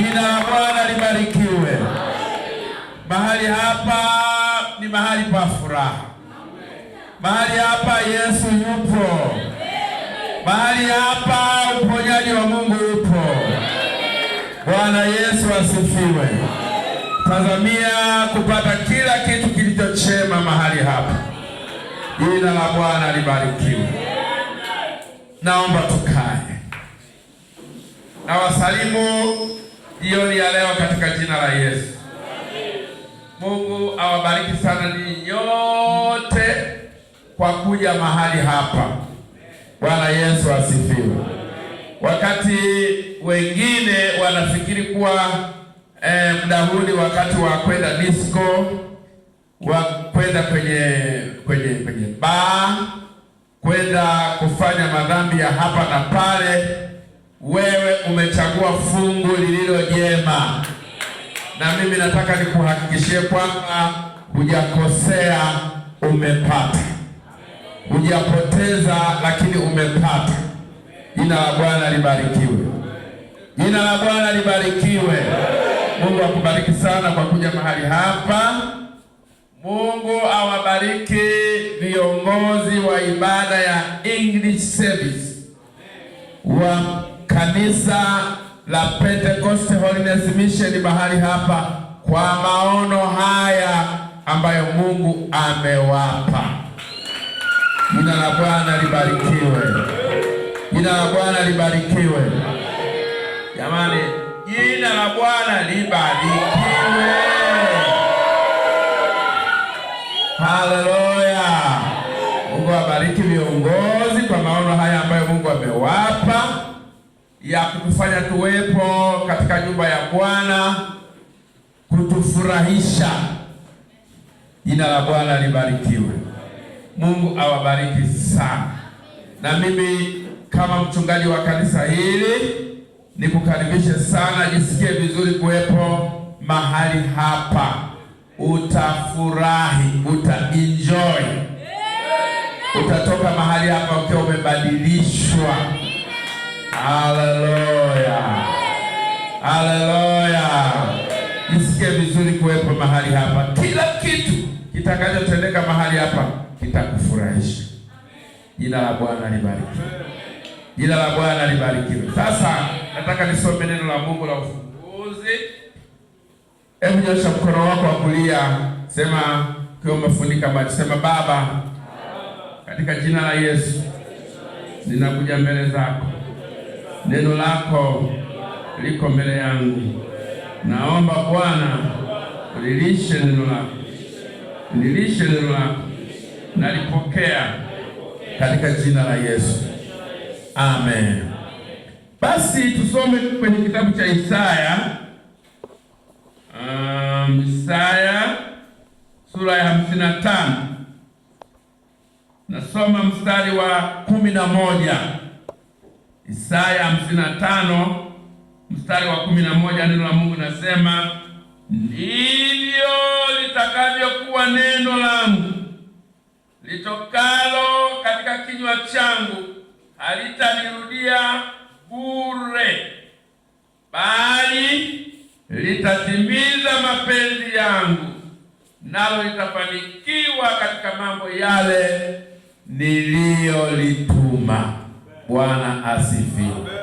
Jina la Bwana libarikiwe. Mahali hapa ni mahali pa furaha. Mahali hapa Yesu yupo. Mahali hapa uponyaji wa Mungu yupo. Bwana Yesu asifiwe. Tazamia kupata kila kitu kilicho chema mahali hapa. Jina la Bwana libarikiwe. Naomba tukae. Nawasalimu jioni ya leo katika jina la Yesu. Mungu awabariki sana ninyi nyote kwa kuja mahali hapa. Bwana Yesu asifiwe. Wakati wengine wanafikiri kuwa eh, muda huu ni wakati wa kwenda disco, wa kwenda kwenye kwenye kwenye baa, kwenda kufanya madhambi ya hapa na pale wewe umechagua fungu lililo jema, na mimi nataka nikuhakikishie kwamba hujakosea, umepata. Hujapoteza, lakini umepata. Jina la Bwana libarikiwe, jina la Bwana libarikiwe. Mungu akubariki sana kwa kuja mahali hapa. Mungu awabariki viongozi wa ibada ya English service wa kanisa la Pentecost Holiness Mission mahali hapa kwa maono haya ambayo Mungu amewapa. Jina la Bwana libarikiwe. Jina la Bwana libarikiwe. Jamani, jina la Bwana libarikiwe. Haleluya. Mungu abariki viongozi kwa maono haya ambayo Mungu amewapa ya kutufanya tuwepo katika nyumba ya Bwana kutufurahisha. Jina la Bwana libarikiwe. Mungu awabariki sana. Na mimi kama mchungaji wa kanisa hili nikukaribishe sana, jisikie vizuri kuwepo mahali hapa. Utafurahi, utaenjoy, utatoka mahali hapa ukiwa umebadilishwa Haleluya, haleluya! Jisikie vizuri kuwepo mahali hapa. Kila kitu kitakachotendeka mahali hapa kitakufurahisha. Jina la Bwana libarikiwe, jina la Bwana libarikiwe. Sasa nataka nisome neno la Mungu la ufunguzi. Hebu nyosha mkono wako wa kulia, sema ukiwa umefunika macho, sema Baba, katika jina la Yesu ninakuja mbele zako neno lako liko mbele yangu. Naomba Bwana lilishe neno lako, lilishe neno lako, nalipokea katika jina la Yesu, amen. Basi tusome kwenye kitabu cha Isaya, um, Isaya sura ya hamsini na tano nasoma mstari wa kumi na moja. Isaya 55 tano mstari wa 11 moja neno la Mungu nasema, ndivyo litakavyokuwa neno langu litokalo katika kinywa changu, halitanirudia bure, bali litatimiza mapenzi yangu, nalo litafanikiwa katika mambo yale niliyolituma. Bwana asifi.